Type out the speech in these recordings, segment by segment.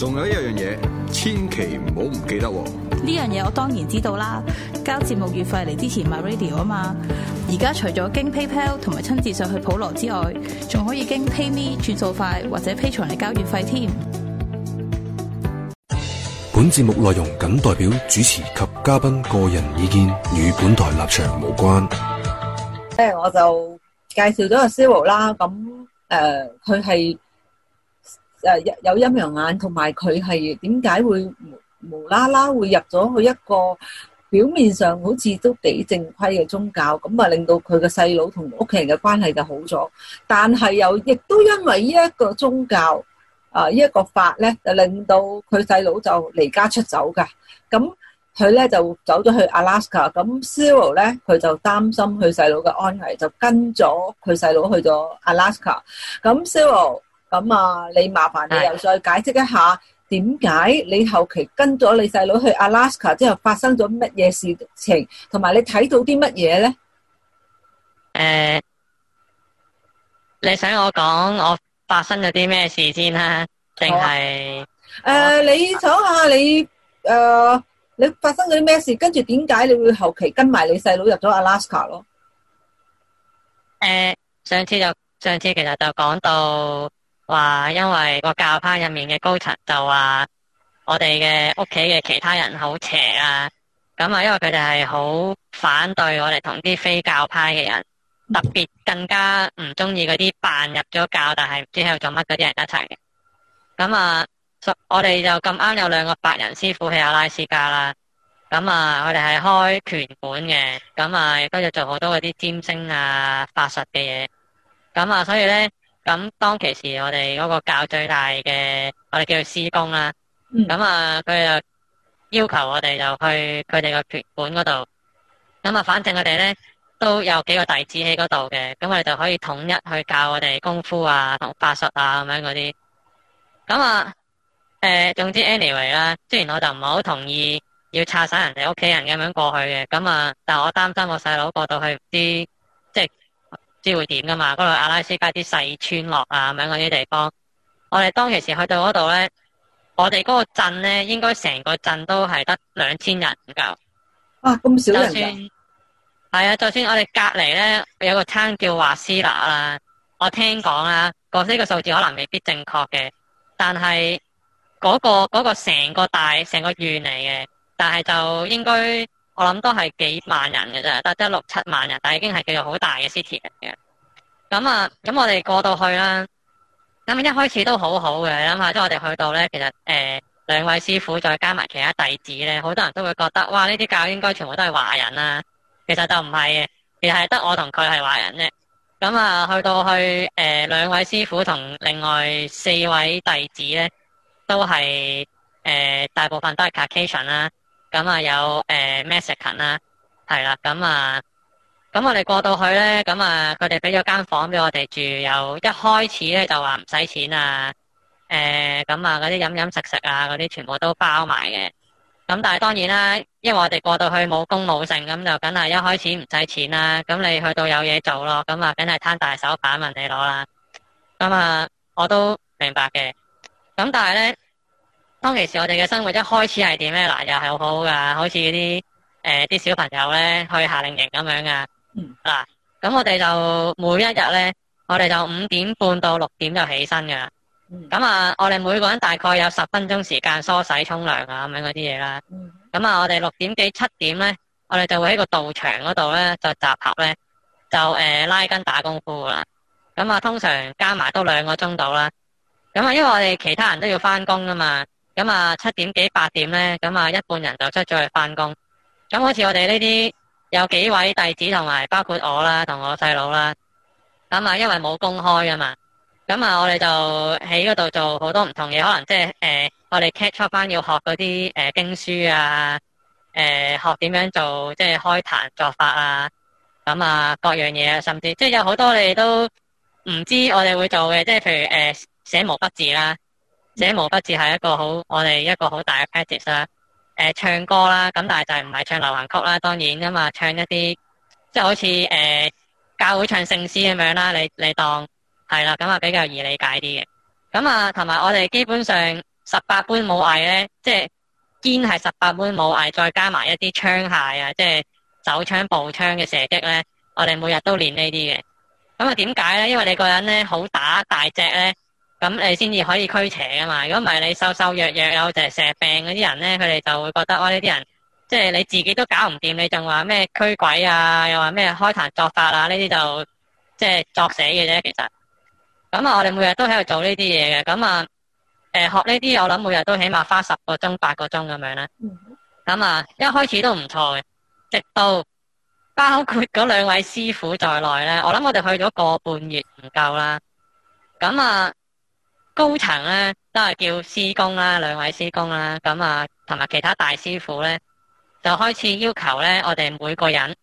仲有一樣嘢，千祈唔好唔記得、哦。呢樣嘢我當然知道啦，交節目月費嚟支持 MyRadio 啊嘛。而家除咗經 PayPal 同埋親自上去普羅之外，仲可以經 PayMe 轉數快或者 Patreon 嚟交月費添。本節目內容僅代表主持及嘉賓個人意見，與本台立場無關。誒、欸，我就介紹咗阿 Zero 啦，咁誒，佢、呃、係。誒有有陰陽眼，同埋佢係點解會無啦啦會入咗去一個表面上好似都幾正規嘅宗教，咁啊，令到佢嘅細佬同屋企人嘅關係就好咗。但係又亦都因為呢一個宗教啊，呢一個法咧，就令到佢細佬就離家出走㗎。咁佢咧就走咗去 Alaska。咁 Zero 咧，佢就擔心佢細佬嘅安危，就跟咗佢細佬去咗 Alaska。咁 Zero。咁啊，你麻煩你又再解釋一下點解你後期跟咗你細佬去 Alaska 之後發生咗乜嘢事情，同埋你睇到啲乜嘢咧？誒、呃，你想我講我發生咗啲咩事先啊？定係誒？你想下你誒、呃，你發生咗啲咩事？跟住點解你會後期跟埋你細佬入咗 a 拉斯加咯？誒、呃，上次就上次其實就講到。話因為個教派入面嘅高層就話我哋嘅屋企嘅其他人好邪啊！咁啊，因為佢哋係好反對我哋同啲非教派嘅人，特別更加唔中意嗰啲扮入咗教但係唔知喺度做乜嗰啲人一齊嘅。咁啊，我哋就咁啱有兩個白人師傅喺阿拉斯加啦。咁啊，我哋係開拳館嘅，咁啊，亦都做好多嗰啲占星啊、法術嘅嘢。咁啊，所以咧。咁當其時，我哋嗰個教最大嘅，我哋叫做師公啦。咁啊、嗯，佢又要求我哋就去佢哋個拳館嗰度。咁啊，反正我哋咧都有幾個弟子喺嗰度嘅，咁我哋就可以統一去教我哋功夫啊、法術啊咁樣嗰啲。咁啊，誒、呃，總之 anyway 啦。雖然我就唔係好同意要拆散人哋屋企人咁樣過去嘅，咁啊，但我擔心我細佬過到去啲即係。知會點噶嘛？嗰度阿拉斯加啲細村落啊，咁樣嗰啲地方，我哋當其時去到嗰度咧，我哋嗰個鎮咧，應該成個鎮都係得兩千人咁樣。啊，咁少人噶。係啊，就算，就算我哋隔籬咧有個攤叫華斯拿啦，我聽講啦，嗰個呢個數字可能未必正確嘅，但係嗰個嗰個成個大成個縣嚟嘅，但係就應該。我諗都係幾萬人嘅啫，得得六七萬人，但係已經係叫做好大嘅 city 嚟嘅。咁啊，咁我哋過到去啦。咁一開始都好好嘅，諗下，當、就是、我哋去到咧，其實誒兩、呃、位師傅再加埋其他弟子咧，好多人都會覺得哇，呢啲教應該全部都係華人啦、啊。其實就唔係嘅，其實係得我同佢係華人啫。咁啊，去到去誒兩、呃、位師傅同另外四位弟子咧，都係誒、呃、大部分都係 Caucasian 啦、啊。咁啊有誒 massage 啦，係、呃、啦，咁啊，咁我哋過到去咧，咁啊佢哋俾咗間房俾我哋住，由一開始咧就話唔使錢啊，誒咁啊嗰啲飲飲食食啊嗰啲全部都包埋嘅。咁但係當然啦，因為我哋過到去冇公冇成，咁就梗係一開始唔使錢啦。咁你去到有嘢做咯，咁啊梗係攤大手板問你攞啦。咁啊我都明白嘅。咁但係咧。當其時我哋嘅生活一開始係點咧？嗱，又係好好噶，好似啲誒啲小朋友咧去夏令營咁樣噶。嗱、嗯，咁我哋就每一日咧，我哋就五點半到六點就起身噶。咁、嗯、啊，我哋每個人大概有十分鐘時間梳洗，洗、沖涼啊咁樣嗰啲嘢啦。咁、嗯、啊，我哋六點幾七點咧，我哋就會喺個道場嗰度咧就集合咧，就、呃、拉筋打功夫啦。咁啊，通常加埋都兩個鐘度啦。咁啊，因為我哋其他人都要翻工啊嘛。咁啊，七點幾八點咧，咁啊一半人就出咗去翻工。咁好似我哋呢啲有幾位弟子同埋包括我啦，同我細佬啦。咁啊，因為冇公開啊嘛，咁啊我哋就喺嗰度做好多唔同嘢，可能即係誒我哋 catch up 返要學嗰啲誒經書啊，誒、呃、學點樣做即係、就是、開壇作法啊，咁啊各樣嘢啊，甚至即係有好多你哋都唔知我哋會做嘅，即係譬如誒寫毛筆字啦。寫毛筆字係一個好，我哋一個好大嘅 practice 啦。誒、呃，唱歌啦，咁但係就係唔係唱流行曲啦，當然啊嘛，唱一啲即係好似誒、呃、教會唱聖詩咁樣啦。你你當係啦，咁啊比較易理解啲嘅。咁、嗯、啊，同埋我哋基本上十八般武藝咧，即係堅係十八般武藝，再加埋一啲槍械啊，即係手槍、步槍嘅射擊咧，我哋每日都練呢啲嘅。咁啊，點解咧？因為你個人咧好打大隻咧。咁你先至可以驅邪啊嘛。如果唔係你瘦瘦弱弱有蛇蛇病嗰啲人咧，佢哋就會覺得哦，呢啲人即係、就是、你自己都搞唔掂，你仲話咩驅鬼啊，又話咩開壇作法啊，呢啲就即係、就是、作死嘅啫。其實咁啊、呃，我哋每日都喺度做呢啲嘢嘅。咁啊，誒學呢啲我諗每日都起碼花十個鐘八個鐘咁樣啦。咁啊、嗯，一開始都唔錯嘅，直到包括嗰兩位師傅在內咧，我諗我哋去咗個半月唔夠啦。咁啊。高層咧都係叫師公啦，兩位師公啦，咁啊同埋其他大師傅咧，就開始要求咧，我哋每個人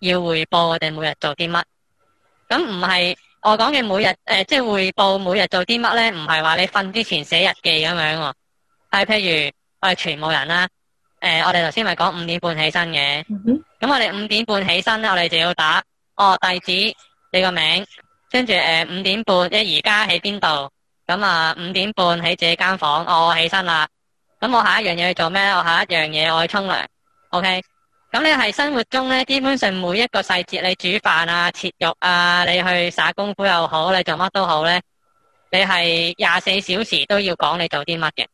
要匯報我哋每，每日做啲乜。咁唔係我講嘅每日誒，即係匯報每日做啲乜咧，唔係話你瞓之前寫日記咁樣。係譬如我哋全部人啦，誒、呃，我哋頭先咪講五點半起身嘅，咁、mm hmm. 我哋五點半起身，我哋就要打哦，弟子你個名，跟住誒五點半，即而家喺邊度？咁啊，五點半喺自己間房、哦，我起身啦。咁我下一樣嘢去做咩咧？我下一樣嘢我去沖涼。O K，咁你係生活中咧，基本上每一個細節，你煮飯啊、切肉啊，你去耍功夫又好，你做乜都好咧，你係廿四小時都要講你做啲乜嘅。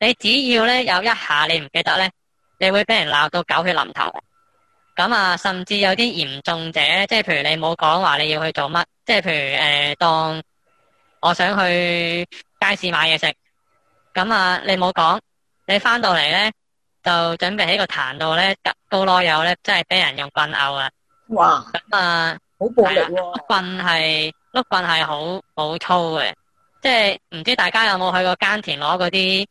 你只要咧有一下你唔記得咧，你會俾人鬧到狗血淋頭。咁啊，甚至有啲嚴重者，即係譬如你冇講話你要去做乜，即係譬如誒、呃、當。我想去街市買嘢食，咁啊，你冇講，你翻到嚟咧就準備喺個壇度咧，高羅柚咧，真係俾人用棍毆哇啊！哇！咁啊，好暴力喎！棍係碌棍係好好粗嘅，即係唔知大家有冇去過耕田攞嗰啲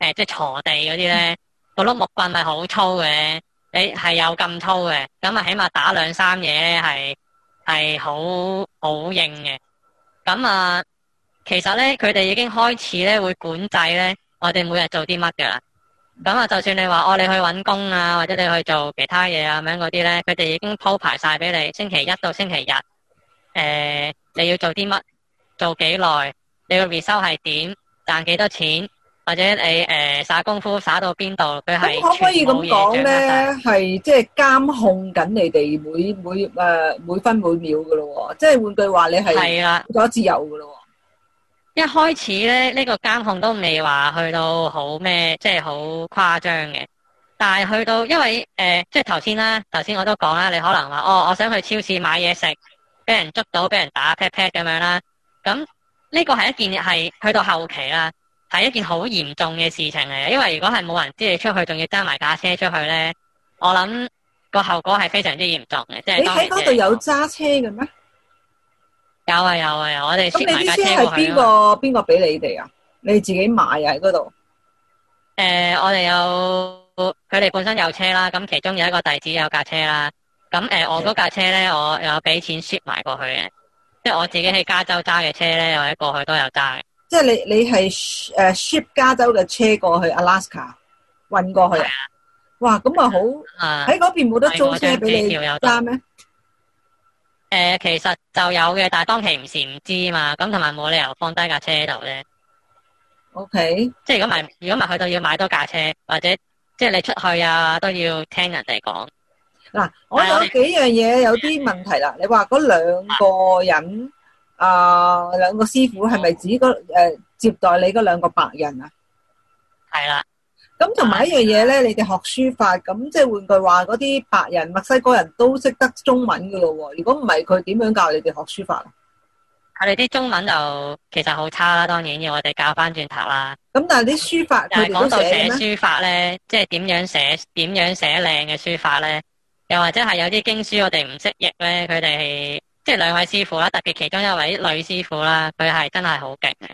誒，即係鋤地嗰啲咧，個碌木棍係好粗嘅，你係有咁粗嘅，咁啊，起碼打兩三嘢咧係係好好硬嘅。咁啊，其實咧，佢哋已經開始咧會管制咧我哋每日做啲乜嘅啦。咁啊，就算你話我、哦、你去搵工啊，或者你去做其他嘢啊，咁樣嗰啲咧，佢哋已經鋪排晒俾你，星期一到星期日，誒、欸，你要做啲乜，做幾耐，你個月收係點，賺幾多錢。或者你誒、呃、耍功夫耍到邊度佢係全部嘢最發達。咁可唔可以咁講咧？係即係監控緊你哋每每誒、呃、每分每秒嘅咯，即係換句話你係係啦，冇咗自由嘅咯。一開始咧，呢、這個監控都未話去到好咩、就是呃，即係好誇張嘅。但係去到因為誒，即係頭先啦，頭先我都講啦，你可能話哦，我想去超市買嘢食，俾人捉到，俾人打 pat pat 咁樣啦。咁呢個係一件係去到後期啦。係一件好嚴重嘅事情嚟嘅，因為如果係冇人知你出去，仲要揸埋架車出去咧，我諗個後果係非常之嚴重嘅。即係嗰度有揸車嘅咩？有啊，有啊，有，我哋。咁你架車係邊個邊個俾你哋啊？你自己買啊？喺嗰度？誒，我哋有佢哋本身有車啦，咁其中有一個弟子有架車啦。咁誒、呃，我嗰架車咧，我有俾錢 ship 埋過去嘅，即係我自己喺加州揸嘅車咧，或者過去都有揸嘅。即係你你係誒 ship 加州嘅車過去 Alaska，運過去啊。哇咁啊好，喺嗰邊冇得租車俾你，揸咩？誒嗎、呃，其實就有嘅，但係當期唔時唔知道嘛，咁同埋冇理由放低架車度咧。OK，即係如果埋如果埋去到要買多架車，或者即係你出去啊都要聽人哋講。嗱、啊，我有幾樣嘢有啲問題啦，你話嗰兩個人。呃啊，呃、兩個師傅係咪指嗰接待你嗰兩個白人啊？係啦了，咁同埋一樣嘢咧，了你哋學書法，咁即係換句話，嗰啲白人、墨西哥人都識得中文嘅咯喎。嗯、如果唔係，佢點樣教你哋學書法？我哋啲中文就其實好差啦，當然要我哋教翻轉頭啦。咁但係啲書法，但係講到寫書法咧，呢即係點樣寫？點樣寫靚嘅書法咧？又或者係有啲經書我哋唔識譯咧，佢哋。即係兩位師傅啦，特別其中一位女師傅啦，佢係真係好勁嘅。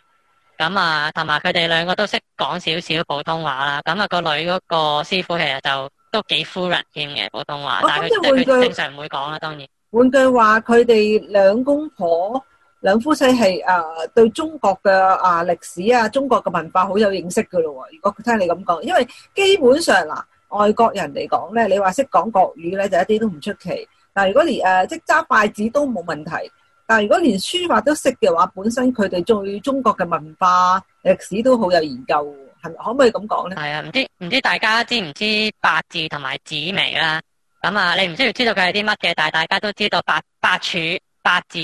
咁啊，同埋佢哋兩個都識講少少普通話啦。咁啊，個女嗰個師傅其實就都幾夫人添嘅普通話，但係佢哋佢正常唔會講啦。當然，換句話，佢哋兩公婆、兩夫妻係誒、啊、對中國嘅啊歷史啊、中國嘅文化好有認識噶咯。如果聽你咁講，因為基本上嗱、呃，外國人嚟講咧，你話識講國語咧，就一啲都唔出奇。嗱，但如果連誒、呃、即揸筷子都冇問題，但係如果連書法都識嘅話，本身佢哋對中國嘅文化歷史都好有研究，係咪可唔可以咁講咧？係啊，唔知唔知大家知唔知八字同埋紫微啦？咁啊，你唔需要知道佢係啲乜嘅，但係大家都知道八八柱、八字、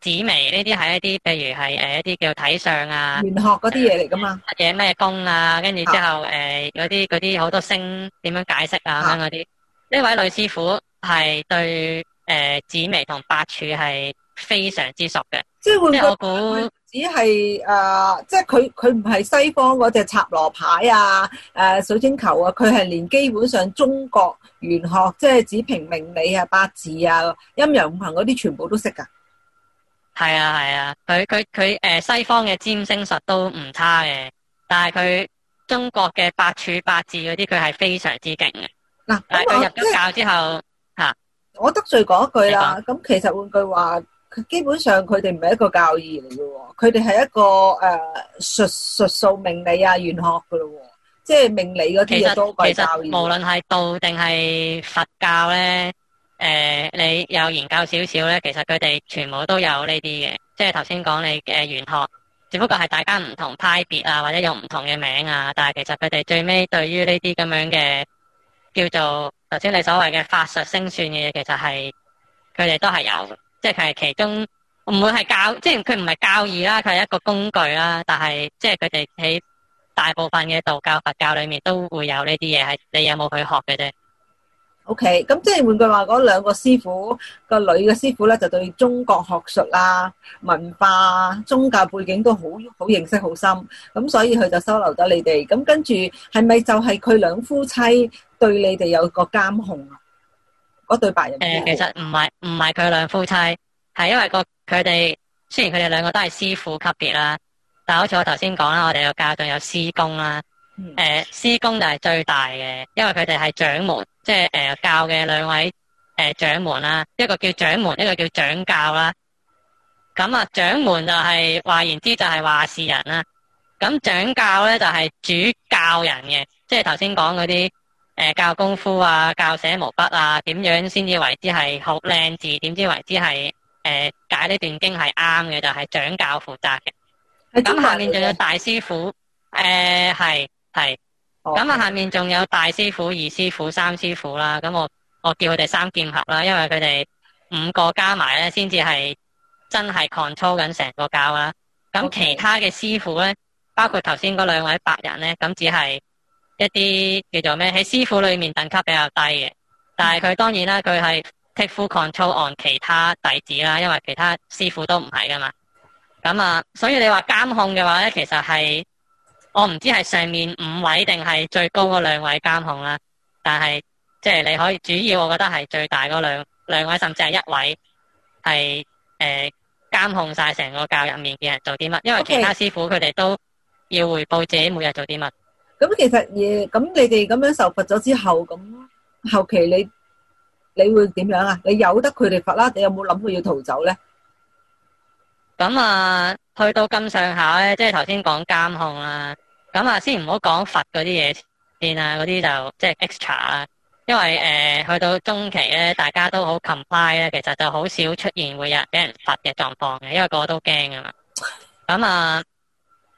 紫微呢啲係一啲，譬如係誒一啲叫睇相啊，玄學嗰啲嘢嚟噶嘛？嘢咩宮啊？跟住、啊、之後誒嗰啲嗰啲好多星點樣解釋啊？嗰啲呢位女師傅。係對誒、呃、紫微同白柱係非常之熟嘅，即係我估只係誒，即係佢佢唔係西方嗰隻塔羅牌啊，誒、呃、水晶球啊，佢係連基本上中國玄學，即係子平命理啊、八字啊、陰陽五行嗰啲，全部都識噶。係啊係啊，佢佢佢誒西方嘅占星術都唔差嘅，但係佢中國嘅白柱八字嗰啲，佢係非常之勁嘅。嗱、啊，但係佢入咗教之後。啊我得罪講一句啦，咁吧其實換句話，佢基本上佢哋唔係一個教義嚟嘅，佢哋係一個誒術術數命理啊玄學噶咯，即係命理嗰啲嘅都係教義。其實無論係道定係佛教咧，誒、呃、你有研究少少咧，其實佢哋全部都有呢啲嘅，即係頭先講你嘅玄學，只不過係大家唔同派別啊，或者有唔同嘅名啊，但係其實佢哋最尾對於呢啲咁樣嘅叫做。頭先你所謂嘅法術星算嘅嘢，其實係佢哋都係有，即係佢係其中唔會係教，即係佢唔係教義啦，佢係一個工具啦。但係即係佢哋喺大部分嘅道教佛教裏面都會有呢啲嘢，係你有冇去學嘅啫？OK，咁即係換句話，嗰兩個師傅個女嘅師傅咧，就對中國學術啦、文化、宗教背景都好好認識好深，咁所以佢就收留咗你哋。咁跟住係咪就係佢兩夫妻？對你哋有個監控啊？嗰對白人誒，其實唔係唔係佢兩夫妻，係因為個佢哋雖然佢哋兩個都係師傅級別啦，但係好似我頭先講啦，我哋個教長有師公啦，誒師公就係最大嘅，因為佢哋係掌門，即係誒教嘅兩位誒掌門啦，一個叫掌門，一個叫掌教啦。咁啊，掌門就係話言之就係話事人啦。咁掌教咧就係主教人嘅，即係頭先講嗰啲。誒，教功夫啊，教寫毛筆啊，點樣先至為之係好靚字？點知為之係誒解呢段經係啱嘅？就係、是、掌教負責嘅。咁下面仲有大師傅，誒係係。咁啊，Okay. 下面仲有大師傅、二師傅、三師傅啦。咁我我叫佢哋三劍俠啦，因為佢哋五個加埋咧，先至係真係 control 緊成個教啦。咁 Okay. 其他嘅師傅咧，包括頭先嗰兩位白人咧，咁只係。一啲叫做咩喺師傅裏面等級比較低嘅，但係佢當然啦，佢係 take full control on 其他弟子啦，因為其他師傅都唔係噶嘛。咁啊，所以你話監控嘅話咧，其實係我唔知係上面五位定係最高嗰兩位監控啦。但係即係你可以主要，我覺得係最大嗰兩兩位甚至係一位係誒監控晒成個教入面嘅人做啲乜，因為其他師傅佢哋都要回報自己每日做啲乜。咁其實嘢，咁你哋咁樣受罰咗之後，咁後期你你會點樣啊？你由得佢哋罰啦，你有冇諗過要逃走咧？咁啊，去到咁上下咧，即係頭先講監控啦。咁啊，先唔好講罰嗰啲嘢先啊，嗰啲就即係 extra 啦。因為誒，去到中期咧，大家都好 comply 咧，其實就好少出現會有人俾人罰嘅狀況嘅，因為個個都驚啊嘛。咁啊。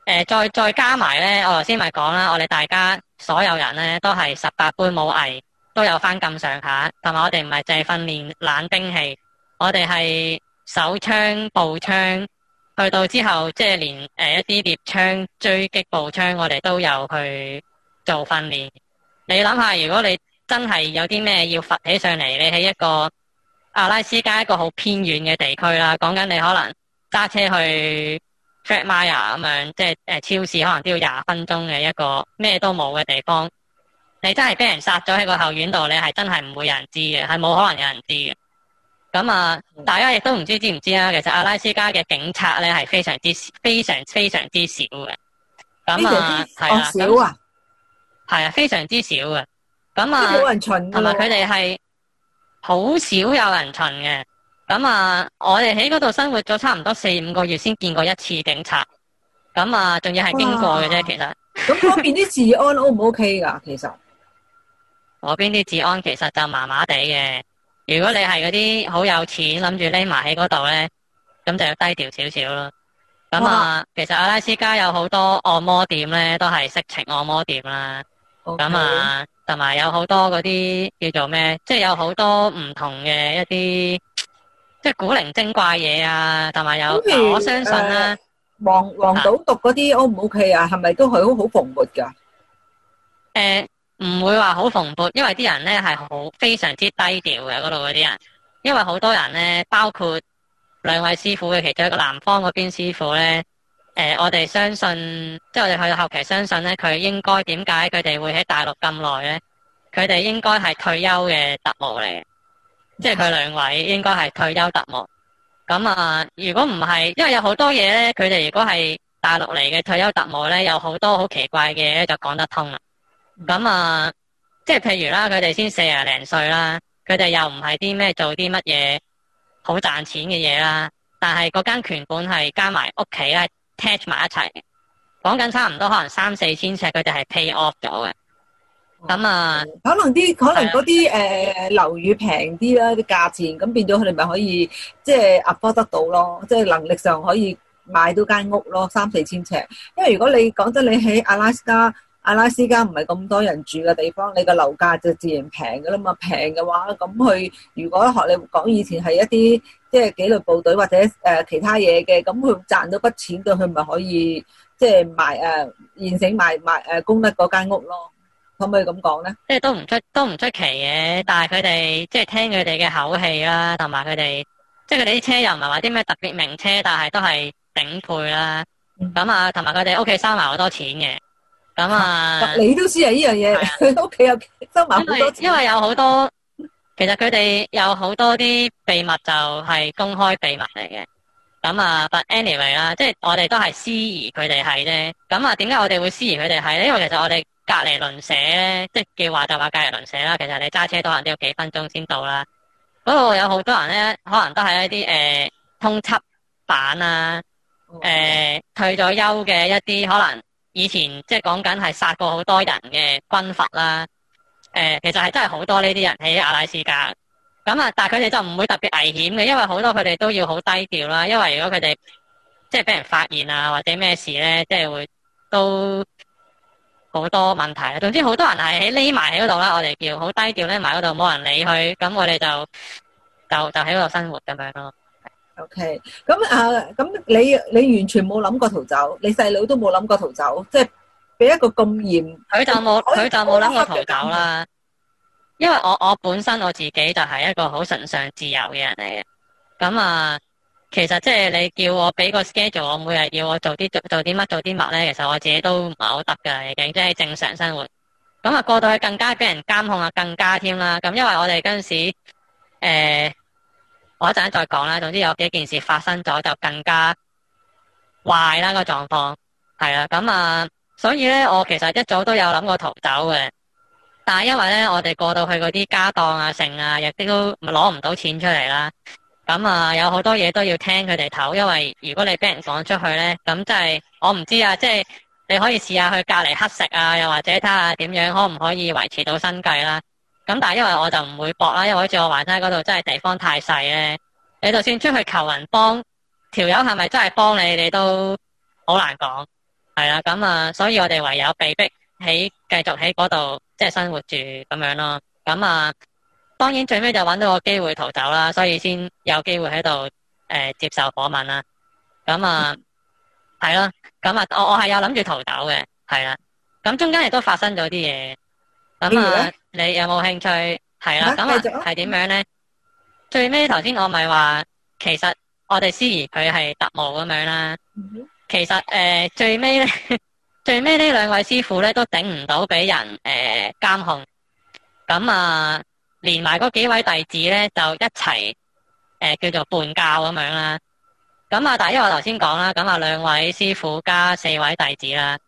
誒，再再加埋呢，我頭先咪講啦，我哋大家所有人呢，都係十八般武藝，都有翻咁上下，同埋我哋唔係淨係訓練冷兵器，我哋係手槍、步槍，去到之後即係連誒一啲獵槍、狙擊步槍，我哋都有去做訓練。你諗下，如果你真係有啲咩要發起上嚟，你喺一個阿拉斯加一個好偏遠嘅地區啦，講緊你可能揸車去。Fred Meyer 咁樣，即係誒，超市可能都要廿分鐘嘅一個咩都冇嘅地方，你真係俾人殺咗喺個後院度，你係真係唔會有人知嘅，係冇可能有人知嘅。咁啊，大家亦都唔知知唔知啊？其實阿拉斯加嘅警察咧係非常之非常非常之少嘅。咁啊，哦少啊，係、哦、啊，啊，非常之少嘅。咁啊，冇人巡，同埋佢哋係好少有人巡嘅？咁啊，我哋喺嗰度生活咗差唔多四五個月，先見過一次警察。咁啊，仲要係經過嘅啫，哇其實。咁嗰邊啲治安 O 唔 O K 㗎？其實。嗰邊啲治安其實就麻麻地嘅。如果你係嗰啲好有錢諗住匿埋喺嗰度咧，咁就要低調少少咯。咁啊，哇其實阿拉斯加有好多按摩店咧，都係色情按摩店啦。咁 Okay. 啊，同埋有好多嗰啲叫做咩？即係有好多唔同嘅一啲。即係古靈精怪嘢啊，同埋有，有如我相信咧、啊。黃黃賭毒嗰啲 O 唔 O K 啊？係咪、啊、都係好好蓬勃噶？誒、呃，唔會話好蓬勃，因為啲人咧係好非常之低調嘅嗰度嗰啲人。因為好多人咧，包括兩位師傅嘅其中一個南方嗰邊師傅咧，誒、呃，我哋相信，即係我哋去到後期相信咧，佢應該點解佢哋會喺大陸咁耐咧？佢哋應該係退休嘅特務嚟。即係佢兩位應該係退休特務。咁啊，如果唔係，因為有好多嘢咧，佢哋如果係大陸嚟嘅退休特務咧，有好多好奇怪嘅嘢就講得通啦。咁啊，即係譬如啦，佢哋先四十零歲啦，佢哋又唔係啲咩做啲乜嘢好賺錢嘅嘢啦，但係嗰間拳館係加埋屋企咧，touch 埋一齊，講緊差唔多可能三四千尺，佢哋係 pay off 咗嘅。咁啊，可能啲可能嗰啲誒樓宇平啲啦，啲價錢咁變咗，佢哋咪可以即係 approve 得到咯，即係能力上可以買到間屋咯，三四千尺。因為如果你講真，你喺阿拉斯加，阿拉斯加唔係咁多人住嘅地方，你個樓價就自然平㗎啦嘛。平嘅話，咁佢如果學你講以前係一啲即係紀律部隊或者誒其他嘢嘅，咁佢賺到筆錢，佢咪可以即係賣誒現成賣賣誒供得嗰間屋咯。可唔可以咁講咧？即係都唔出都唔出奇嘅，但係佢哋即係聽佢哋嘅口氣啦，同埋佢哋即係佢哋啲車又唔係話啲咩特別名車，但係都係頂配啦。咁、嗯、啊，同埋佢哋屋企收埋好多錢嘅。咁啊，你都知啊呢樣嘢，佢屋企有收埋好多錢。因為有好多， 其實佢哋有好多啲秘密就係公開秘密嚟嘅。咁啊，但 anyway 啦、啊，即係我哋都係思疑佢哋係啫。咁啊，點解我哋會思疑佢哋係咧？因為其實我哋。隔籬鄰舍，即係叫話就話隔離鄰舍啦。其實你揸車都人都要幾分鐘先到啦。不過有好多人咧，可能都係一啲誒、呃、通緝犯啦、啊，誒、呃、退咗休嘅一啲，可能以前即係講緊係殺過好多人嘅軍閥啦。誒、呃，其實係真係好多呢啲人喺阿拉斯加。咁啊，但係佢哋就唔會特別危險嘅，因為好多佢哋都要好低調啦。因為如果佢哋即係俾人發現啊，或者咩事咧，即係會都。好多問題，總之好多人係喺匿埋喺嗰度啦。我哋叫好低調匿埋嗰度，冇人理佢，咁我哋就就就喺嗰度生活咁樣咯。OK，咁啊，咁你你完全冇諗過逃走，你細佬都冇諗過逃走，即係俾一個咁嚴，佢就冇佢就冇諗過逃走啦，因為我我本身我自己就係一個好崇尚自由嘅人嚟嘅，咁啊。其實即係你叫我俾個 schedule，我每日要我做啲做做啲乜做啲乜咧，其實我自己都唔係好得噶，已經即係正常生活。咁啊過到去更加俾人監控啊，更加添啦。咁因為我哋嗰陣時誒、呃，我一陣再講啦。總之有幾件事發生咗，就更加壞啦個狀況。係啦，咁啊，所以咧我其實一早都有諗過逃走嘅，但係因為咧我哋過到去嗰啲家當啊剩啊，亦都攞唔到錢出嚟啦。咁啊，有好多嘢都要聽佢哋頭，因為如果你俾人講出去呢，咁即係我唔知啊，即係你可以試下去隔離乞食啊，又或者睇下點樣，可唔可以維持到生計啦？咁但係因為我就唔會搏啦，因為好似我話齋嗰度真係地方太細呢，你就算出去求人幫，條友係咪真係幫你，你都好難講。係啦，咁啊，所以我哋唯有被逼喺繼續喺嗰度即係生活住咁樣咯。咁啊。當然最尾就搵到個機會逃走啦，所以先有機會喺度誒接受訪問啦。咁啊係 啦，咁啊我我係有諗住逃走嘅，係啦。咁中間亦都發生咗啲嘢。咁啊，你有冇興趣？係麼啦，咁麼啊係點上樣咧？最尾頭先我咪話，其實我哋司儀佢係特務咁樣啦。 其實誒、呃，最尾咧，最尾呢兩位師傅咧都頂唔到俾人誒監、呃、控。咁啊～連埋嗰幾位弟子咧，就一齊誒、呃，叫做叛教咁樣啦。咁啊，第一我頭先講啦，咁啊，兩位師傅加四位弟子啦。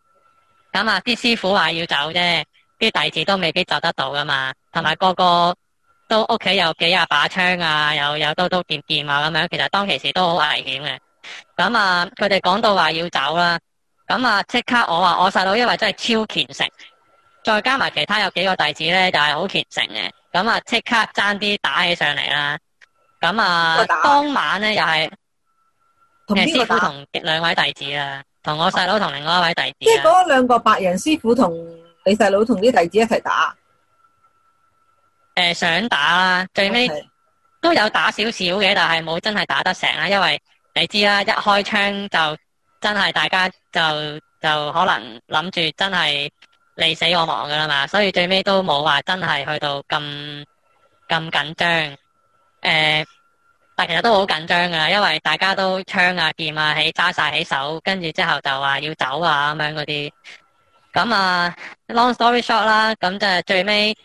咁啊，啲師傅話要走啫，啲弟子都未必走得到噶嘛。同埋個個都屋企有幾廿把槍啊，有有刀刀劍劍啊樣，咁樣其實當其時都好危險嘅。咁啊，佢哋講到話要走啦，咁啊，即刻我話我細佬，因為真係超虔誠，再加埋其他有幾個弟子咧，就係、是、好虔誠嘅。咁啊，即刻爭啲打起上嚟啦。咁啊，當晚咧又係同師父同兩位弟子啦，同我細佬同另外一位弟子，啊、即係嗰兩個白人師父同你細佬同啲弟子一齊打。誒，想打啦，最尾都有打少少嘅，但係冇真係打得成啦，因為你知啦，一開槍就真係大家就就可能諗住真係。你死我亡噶啦嘛，所以最尾都冇話真係去到咁咁緊張。誒、欸，但其實都好緊張噶，因為大家都槍啊，啊、劍啊起揸晒起手，跟住之後就話要走啊咁樣嗰啲。咁啊，Long story short 啦，咁就係最尾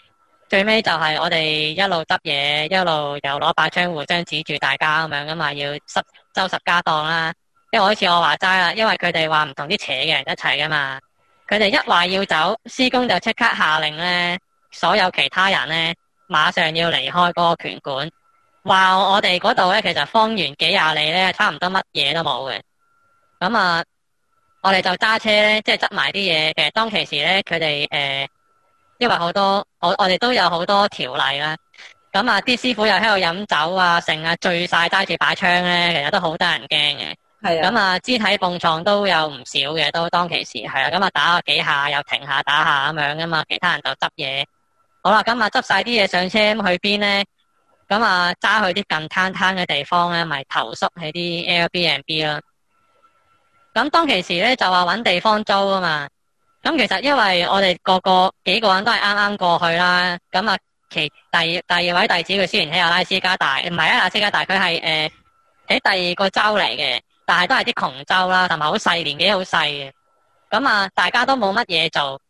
最尾就係我哋一路執嘢，一路又攞把槍互相指住大家咁樣，咁嘛要執收拾家當啦。因為好似我話齋啦，因為佢哋話唔同啲邪嘅人一齊噶嘛。佢哋一話要走，師公就即刻下令咧，所有其他人咧馬上要離開個拳館，話我哋嗰度咧其實方圓幾廿里咧差唔多乜嘢都冇嘅，咁啊，我哋就揸車咧，即係執埋啲嘢，其實當其時咧，佢哋誒，因為好多我我哋都有好多條例啦，咁啊，啲師傅又喺度飲酒啊，成日醉晒揸住擺槍咧，其實都好得人驚嘅。係咁啊！肢體碰撞都有唔少嘅，都當其時係啦。咁啊，打咗幾下又停下打下咁樣噶嘛。其他人就執嘢。好啦，咁啊，執晒啲嘢上車，咁去邊咧？咁啊，揸去啲近攤攤嘅地方咧，咪投宿喺啲 Airbnb 啦。咁當其時咧，就話、是、搵地方租啊嘛。咁其實因為我哋個個幾個人都係啱啱過去啦。咁啊，其第二第二位弟子佢雖然喺阿拉斯加大唔係啊，阿拉斯加大，佢係誒喺第二個州嚟嘅。但係都係啲窮州啦，同埋好細，年紀好細嘅。咁啊，大家都冇乜嘢做。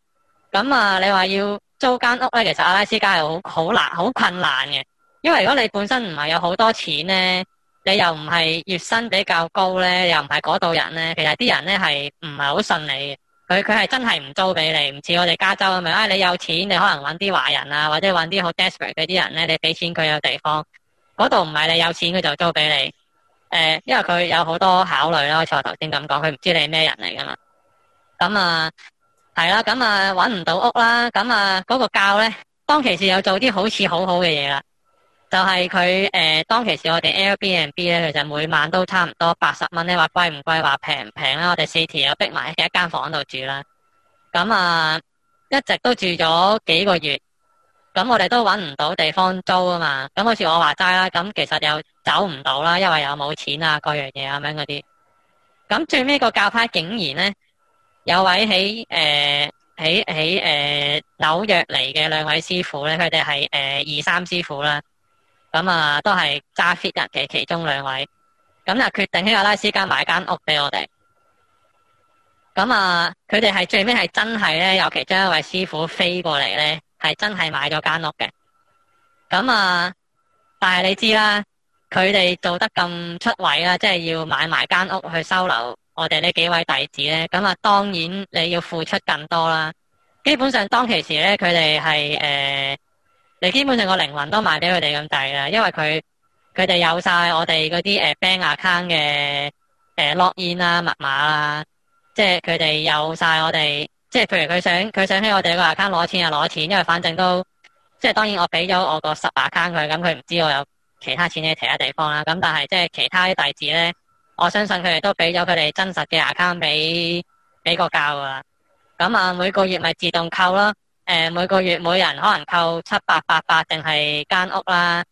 咁啊，你話要租間屋咧，其實阿拉斯加係好好難、好困難嘅。因為如果你本身唔係有好多錢咧，你又唔係月薪比較高咧，又唔係嗰度人咧，其實啲人咧係唔係好信你嘅。佢佢係真係唔租俾你，唔似我哋加州咁樣。啊、哎，你有錢，你可能搵啲華人啊，或者搵啲好 desperate 嘅啲人咧，你俾錢佢有地方。嗰度唔係你有錢，佢就租俾你。誒，因為佢有好多考慮、啊、啦，好似我頭先咁講，佢唔知你係咩人嚟噶嘛。咁啊，係啦，咁啊，搵唔到屋啦。咁啊，嗰、嗰個教咧，當其時有做啲好似好好嘅嘢啦，就係佢誒，當其時我哋 Airbnb 咧，其實每晚都差唔多八十蚊。你話貴唔貴，話平唔平啦？我哋四條又逼埋喺一間房度住啦。咁啊，一直都住咗幾個月，咁我哋都搵唔到地方租啊嘛。咁好似我話齋啦，咁其實有。走唔到啦，因為又冇錢啊，各樣嘢啊，咁樣嗰啲。咁最尾個教派竟然咧，有位喺誒喺喺誒紐約嚟嘅兩位師傅咧，佢哋係誒二三師傅啦。咁啊，都係揸 fit 人嘅其中兩位。咁就決定喺阿拉斯加買間屋俾我哋。咁啊，佢哋係最尾係真係咧，有其中一位師傅飛過嚟咧，係真係買咗間屋嘅。咁啊，但係你知啦。佢哋做得咁出位啦，即係要買埋間屋去收留我哋呢幾位弟子咧。咁啊，當然你要付出更多啦。基本上當其時咧，佢哋係誒，你基本上個靈魂都賣俾佢哋咁抵啦。因為佢佢哋有晒我哋嗰啲誒 Bank account 嘅誒 login 啦、密碼啦，即係佢哋有晒我哋，即係譬如佢想佢想喺我哋個 account 攞錢啊、攞錢，因為反正都即係當然我俾咗我個十把 account 佢，咁佢唔知我有。其他錢喺其他地方啦，咁但係即係其他啲弟子咧，我相信佢哋都俾咗佢哋真實嘅 account 俾俾個教啊。咁啊，每個月咪自動扣咯。誒，每個月每人可能扣七百、八百定係間屋啦。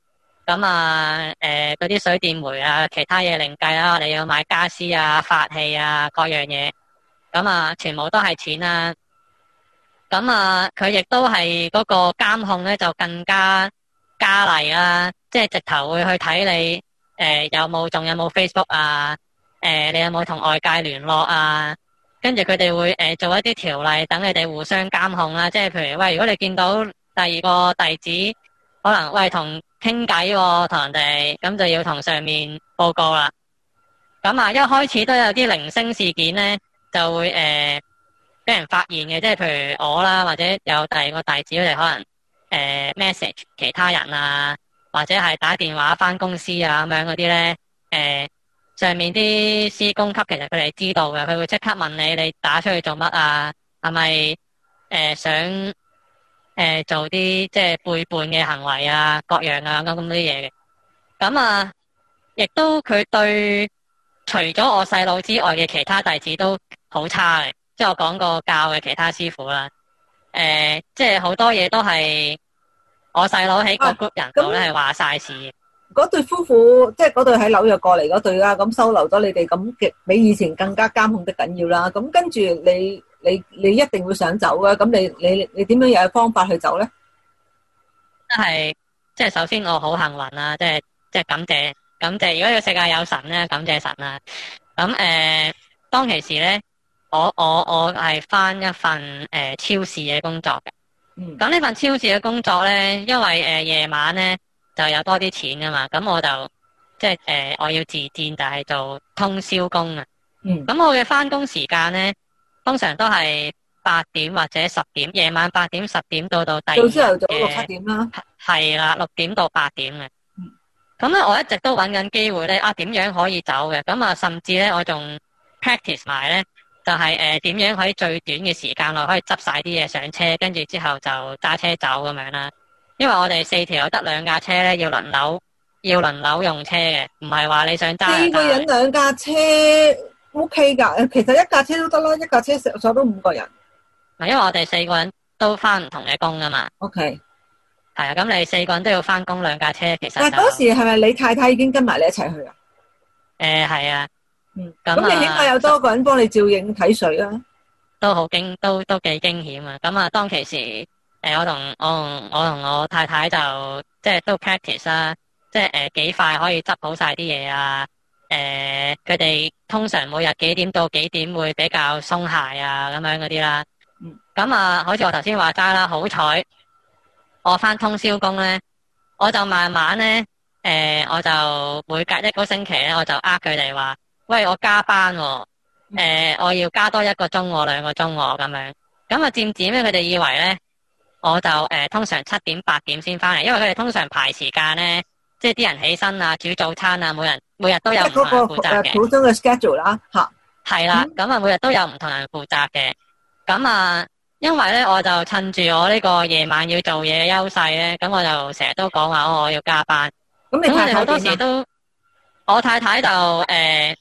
咁啊，誒嗰啲水電煤啊，其他嘢另計啦。你要買家私啊、法器啊，各樣嘢。咁啊，全部都係錢啦。咁啊，佢亦都係嗰個監控咧，就更加加厲啦。即係直頭會去睇你誒、呃、有冇仲有冇 Facebook 啊？誒、呃、你有冇同外界聯絡啊？跟住佢哋會誒、呃、做一啲條例，等你哋互相監控啦。即係譬如喂，如果你見到第二個弟子可能喂同傾偈喎，同人哋咁、啊、就要同上面報告啦。咁啊，一開始都有啲零星事件咧，就會誒俾、呃、人發現嘅。即係譬如我啦，或者有第二個弟子，佢哋可能誒、呃、message 其他人啊。或者係打電話返公司啊，咁樣嗰啲咧，誒、呃、上面啲施工級其實佢哋知道嘅，佢會即刻問你，你打出去做乜啊？係咪誒想誒、呃、做啲即係背叛嘅行為啊？各樣啊咁，咁啲嘢嘅。咁啊，亦都佢對除咗我細佬之外嘅其他弟子都好差嘅，即係我講過教嘅其他師傅啦。誒、呃，即係好多嘢都係。我細佬喺各國人度咧，係話晒事。嗰對夫婦，即係嗰對喺紐約過嚟嗰對啦，咁收留咗你哋，咁極比以前更加監控得緊要啦。咁跟住你，你，你一定會想走啊。咁你，你，你點樣有方法去走咧？真係即係，首先我好幸運啦，即係即係感謝感謝。如果個世界有神咧，感謝神啦。咁誒，當其時咧，我我我係返一份誒超市嘅工作嘅。咁呢、嗯、份超市嘅工作咧，因為誒、呃、夜晚咧就有多啲錢㗎嘛，咁我就即係誒我要自薦，就係做通宵工啊。嗯。咁我嘅返工時間咧，通常都係八點或者十點，夜晚八點十點到到第二日。到之後早上六七點啦。係啦，六點到八點嘅。嗯。咁咧我一直都揾緊機會咧，啊點樣可以走嘅？咁啊甚至咧我仲 practice 埋咧。就係、是、誒，點、呃、樣喺最短嘅時間內可以執晒啲嘢上車，跟住之後就揸車走咁樣啦。因為我哋四條友得兩架車咧，要輪流要輪流用車嘅，唔係話你想揸四個人兩架車 OK 噶，其實一架車都得啦，一架車上上到五個人。唔係，因為我哋四個人都翻唔同嘅工啊嘛。OK，係啊，咁你四個人都要翻工兩架車，其實但係嗰時係咪你太太已經跟埋你一齊去啊？誒、呃，係啊。咁、嗯嗯、你點解有多個人幫你照應睇水啊？水都好驚，都都幾驚險啊！咁、嗯、啊，當其時，誒、呃，我同我我同我太太就即係都 practice 啦，即係誒、呃、幾快可以執好晒啲嘢啊！誒、呃，佢哋通常每日幾點到幾點會比較鬆懈啊？咁樣嗰啲啦，咁啊、嗯，好似、嗯、我頭先話齋啦，好彩我返通宵工咧，我就慢慢咧，誒、呃，我就每隔一個星期咧，我就呃佢哋話。喂，我加班、哦，誒、呃，我要加多一個鐘，兩個鐘，咁樣。咁啊，漸漸咧，佢哋以為咧，我就誒、呃，通常七點八點先翻嚟，因為佢哋通常排時間咧，即係啲人起身啊，煮早餐啊，每人每日都有人負責。嗰、那個誒、啊，普通嘅 schedule 啦，吓係啦，咁啊，的嗯、每日都有唔同人負責嘅。咁啊，因為咧，我就趁住，我呢個夜晚要做嘢嘅優勢咧，咁我就成日都講話，我要加班。咁你好多時都，我太太就誒。呃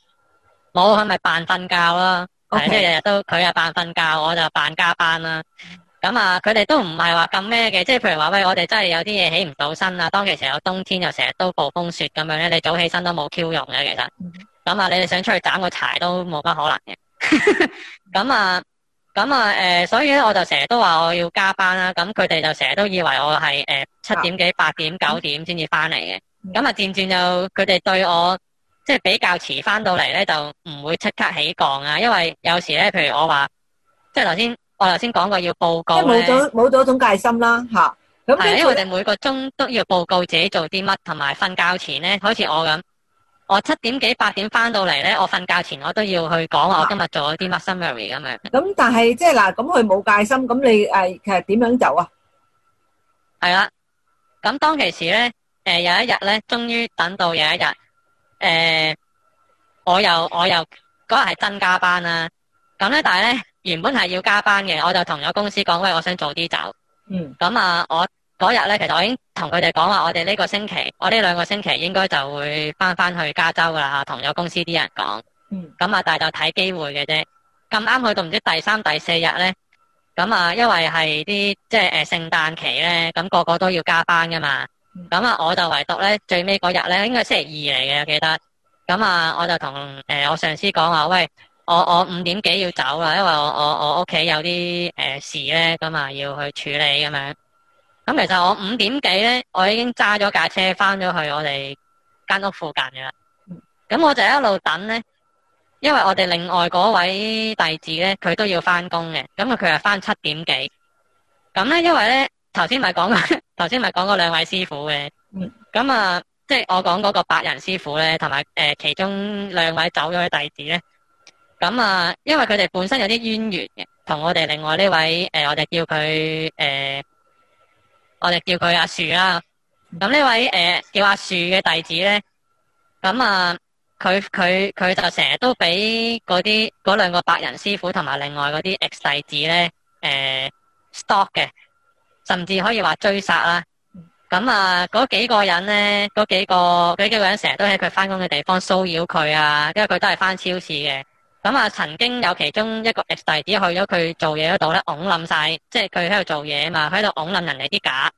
冇，係咪扮瞓覺啦，係即係日日都佢啊扮瞓覺，我就扮加班啦。咁啊、mm，佢、hmm. 哋都唔係話咁咩嘅，即係譬如話喂，我哋真係有啲嘢，起唔到身啊。當其時有冬天又成日都暴風雪咁樣咧，你早起身都冇 Q 用嘅。其實咁啊，你哋想出去斬個柴都冇乜可能嘅。咁啊、mm，咁、hmm. 啊， 誒、呃，所以咧，我就成日都話我要加班啦。咁佢哋就成日都以為我係誒，七點幾、八點、九點先至翻嚟嘅。咁啊、mm，漸漸又佢哋對我。即係比較遲翻到嚟咧，就唔會即刻起降啊！因為有時咧，譬如我話，即係頭先我頭先講過要報告咧，冇咗冇咗種戒心啦吓。係，因為我哋每個鐘都要報告自己做啲乜，同埋瞓覺前咧，好似我咁，我七點幾八點翻到嚟咧，我瞓覺前我都要去講話我今日做咗啲乜 summary 咁樣。咁但係即係嗱，咁佢冇戒心，咁你誒其實點樣走啊？係啦，咁當其時咧，誒有一日咧，終於等到有一日。誒、呃，我又我又嗰日係真加班啦，啊，咁咧但係咧原本係要加班嘅，我就同咗公司講，喂，我想早啲走。嗯。咁啊，我嗰日咧，其實我已經同佢哋講話，我哋呢個星期，我呢兩個星期應該就會翻翻去加州㗎啦，同咗公司啲人講。嗯。咁啊，但係就睇機會嘅啫。咁啱去到唔知第三第四日咧，咁啊，因為係啲即係誒聖誕期咧，咁，那個個都要加班噶嘛。咁啊，我就唯獨咧最尾嗰日咧，應該係星期二嚟嘅，我記得。咁啊，我就同誒、呃、我上司講話，喂，我我五點幾要走啦，因為我我我屋企有啲誒、呃、事咧，咁啊要去處理咁樣。咁其實我五點幾咧，我已經揸咗架車翻咗去我哋間屋附近嘅啦。咁我就一路等咧，因為我哋另外嗰位弟子咧，佢都要翻工嘅，咁啊佢係翻七點幾。咁咧，因為咧頭先咪講頭先咪講過兩位師傅嘅，咁啊、嗯，即係我講嗰個白人師傅咧，同埋誒其中兩位走咗嘅弟子咧，咁啊，因為佢哋本身有啲淵源嘅，同我哋另外呢位誒、呃，我哋叫佢誒、呃，我哋叫佢阿樹啦。咁呢位誒、呃、叫阿樹嘅弟子咧，咁啊，佢佢佢就成日都俾嗰啲嗰兩個白人師傅同埋另外嗰啲 X 弟子咧，誒，stop 嘅。Stock 甚至可以話追殺啦，咁啊嗰幾個人咧，嗰幾個嗰幾個人成日都喺佢返工嘅地方騷擾佢啊，因為佢都係返超市嘅。咁啊，曾經有其中一個 ex 弟子去咗佢做嘢嗰度咧，拱冧晒，即係佢喺度做嘢嘛，佢喺度拱冧人哋啲架。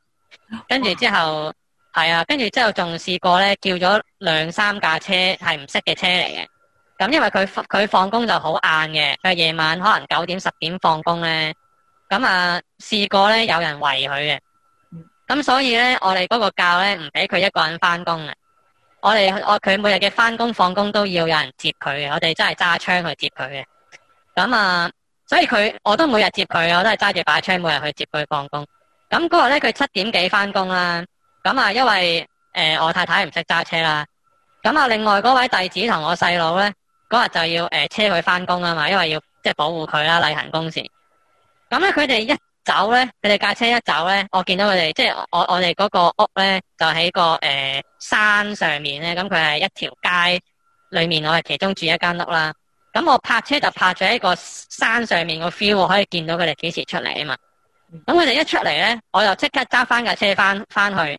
跟住之後，係哇啊，跟住之後仲試過咧，叫咗兩三架車係唔識嘅車嚟嘅。咁因為佢佢放工就好晏嘅，佢夜晚可能九點十點放工咧。咁啊，試過咧，有人圍佢嘅。咁所以咧，我哋嗰個教咧，唔俾佢一個人翻工嘅。我哋我佢每日嘅翻工放工都要有人接佢嘅。我哋真係揸槍去接佢嘅。咁啊，所以佢我都每日接佢，我都係揸住把槍每日去接佢放工。咁嗰日咧，佢七點幾翻工啦。咁啊，因為誒我太太唔識揸車啦。咁啊，另外嗰位弟子同我細佬咧，嗰日就要誒車佢翻工啊嘛，因為要即係保護佢啦，例行公事。咁咧，佢哋一走咧，佢哋架車一走咧，我見到佢哋，即係我我哋嗰個屋咧，就喺個誒、呃、山上面咧。咁佢係一條街裏面，我係其中住一間屋啦。咁我泊車就泊咗喺個山上面個 feel，我可以見到佢哋幾時出嚟啊嘛。咁佢哋一出嚟咧，我就即刻揸翻架車翻翻去。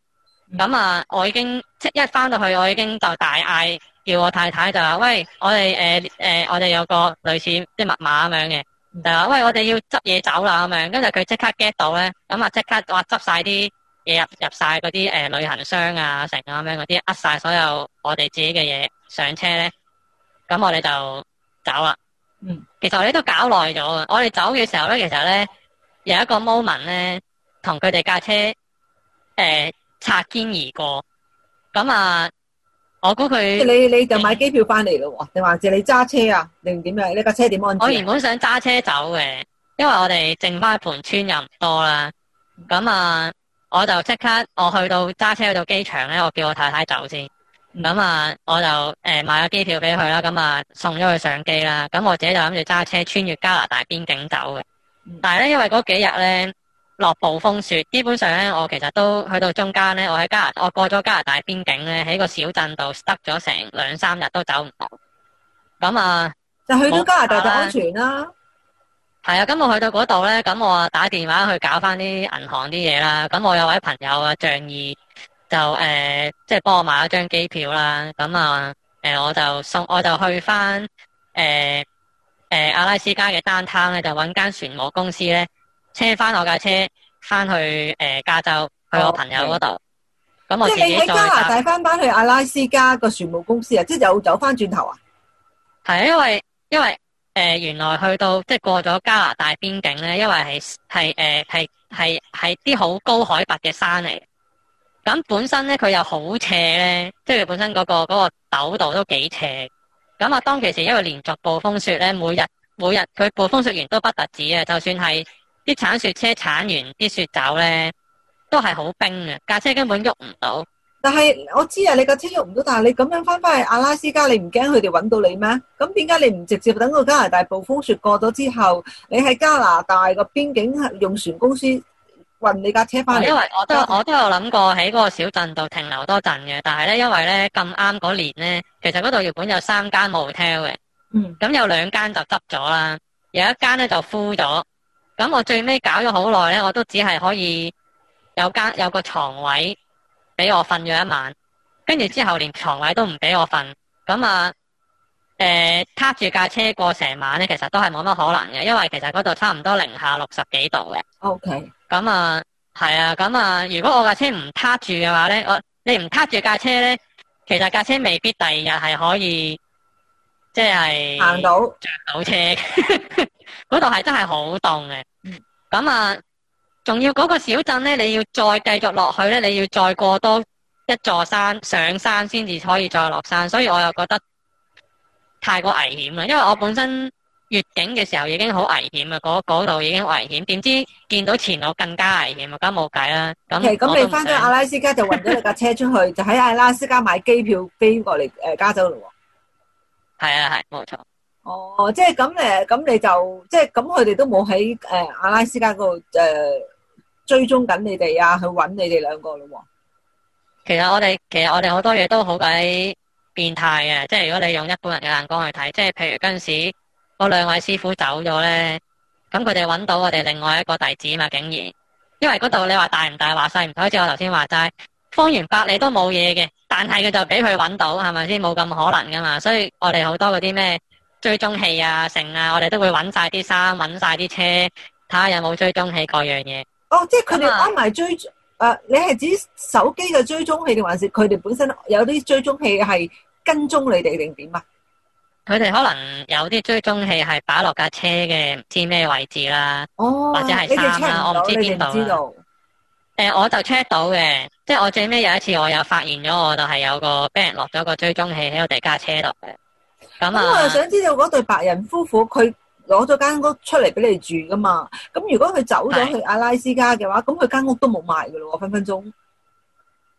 咁啊，我已經即一翻到去，我已經就大嗌叫，叫我太太就，就話喂，我哋誒誒，我哋有個類似即係密碼咁樣嘅。就話喂，我哋要執嘢走啦咁樣，跟住佢即刻 get 到咧，咁啊即刻哇，執晒啲嘢入入晒嗰啲誒旅行箱啊成啊咁樣嗰啲，呃晒所有我哋自己嘅嘢上車咧，咁我哋就走啦。嗯，其，其實我哋都搞耐咗啊！我哋走嘅時候咧，其實咧有一個 moment 咧，同佢哋架車誒擦肩而過，咁啊～我估佢，你你就買機票翻嚟咯，定還是你揸車啊？定點樣？呢架車點安置？我原本想揸車走嘅，因為我哋剩翻一盤村又唔多啦，咁啊、嗯，我就即刻我去到揸車去到機場咧，我叫我太太先走先，咁啊，我就誒、呃、買咗機票俾佢啦，咁啊送咗佢上機啦，咁我自己就諗住揸車穿越加拿大邊境走嘅，嗯、但係咧因為嗰幾日咧。落暴風雪，基本上咧，我其實都去到中間咧。我喺加拿，拿我過咗加拿大邊境咧，喺個小鎮度 stuck 咗成兩三日都走唔到。咁啊，就去到加拿大就安全啦。係啊，咁我去到嗰度咧，咁我啊打電話去搞翻啲銀行啲嘢啦。咁我有位朋友啊仗義就、呃，就誒即係幫我買咗張機票啦。咁啊、呃、我就送我就去翻誒、呃呃、阿拉斯加嘅單灘咧，就揾間船務公司咧。車翻我架車，翻去誒、呃、加州，去我朋友嗰度。咁 Okay. 我即係你喺加拿大翻翻去阿拉斯加個船務公司啊，即係又走翻轉頭啊？係啊，因為因為誒、呃，原來去到即係過咗加拿大邊境咧，因為係係誒係係係啲好高海拔嘅山嚟。咁本身咧，佢又好斜咧，即係本身嗰、那個嗰、那個陡、那個、度都幾斜。咁啊，當其時因為連續暴風雪咧，每日每日佢暴風雪完都不特止啊，就算係。啲鏟雪車鏟完啲雪走咧，都係好冰嘅，架車根本喐唔到。但係我知啊，你架車喐唔到，但係你咁樣翻翻去阿拉斯加，你唔驚佢哋揾到你咩？咁點解你唔直接等到加拿大暴風雪過咗之後，你喺加拿大個邊境用船公司運你架車翻嚟？因為我都我都有諗過喺嗰個小鎮度停留多陣嘅，但係咧，因為咧，咁啱嗰年咧，其實嗰度原本有三間 hotel 嘅，嗯，咁有兩間就執咗啦，有一間咧就枯咗。咁我最尾搞咗好耐咧，我都只係可以有間有個床位俾我瞓咗一晚，跟住之後連床位都唔俾我瞓。咁啊，誒、呃，撻住架車過成晚咧，其實都係冇乜可能嘅，因為其實嗰度差唔多零下六十幾度嘅。O K。咁啊，係啊，咁啊，如果我架車唔撻住嘅話咧，我你唔撻住架車咧，其實架車未必第二日係可以，即係行到着到車。 嗰度係真係好凍嘅，咁啊，仲要嗰個小鎮咧，你要再繼續落去咧，你要再過多一座山，上山先至可以再落山，所以我又覺得太過危險啦。因為我本身越境嘅時候已經好危險啦，嗰度已經危險，點知見到前路更加危險，更梗冇計啦。咁，咁，你翻咗阿拉斯加就運咗架車出去， 就喺阿拉斯加買機票飛過嚟誒加州咯。係啊，係，冇錯。哦，即係咁咧，咁你，你就即係咁，佢哋都冇喺誒阿拉斯加嗰度誒追蹤緊你哋啊，去揾你哋兩個咯喎。其實我哋其實我哋好多嘢都好鬼變態嘅，即係如果你用一般人嘅眼光去睇，即係譬如嗰陣時我兩位師傅走咗咧，咁佢哋揾到我哋另外一個弟子啊嘛，竟然，因為嗰度你話大唔大話細唔細，好似我頭先話齋，方圓百里都冇嘢嘅，但係佢就俾佢揾到，係咪先？冇咁可能噶嘛，所以我哋好多嗰啲咩？追蹤器啊，成啊，我哋都會揾晒啲衫，揾晒啲車，睇下有冇追蹤器，嗰樣嘢。哦，即係佢哋安埋追，誒、嗯，你係指手機嘅追蹤器定還是佢哋本身有啲追蹤器係跟蹤你哋定點啊？佢哋可能有啲追蹤器係擺落架車嘅，唔知咩位置啦。哦，或者係我唔知邊度。誒、呃，我就 check 到嘅，即係我最尾有一次，我又發現咗，我就係有個俾人落咗個追蹤器喺我哋架車度嘅。咁我又想知道嗰對白人夫婦佢攞咗間屋出嚟俾你住噶嘛？咁如果佢走咗去阿拉斯加嘅話，咁佢間屋都冇賣噶咯喎，分分鐘。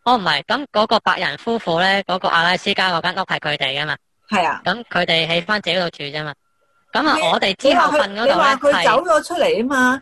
哦，唔係，咁嗰個白人夫婦咧，嗰、嗰個阿拉斯加嗰間屋係佢哋噶嘛？係啊。咁佢哋喺翻自己度住啫嘛。咁啊，我哋之後瞓嗰度咧，你話佢走咗出嚟吖嘛？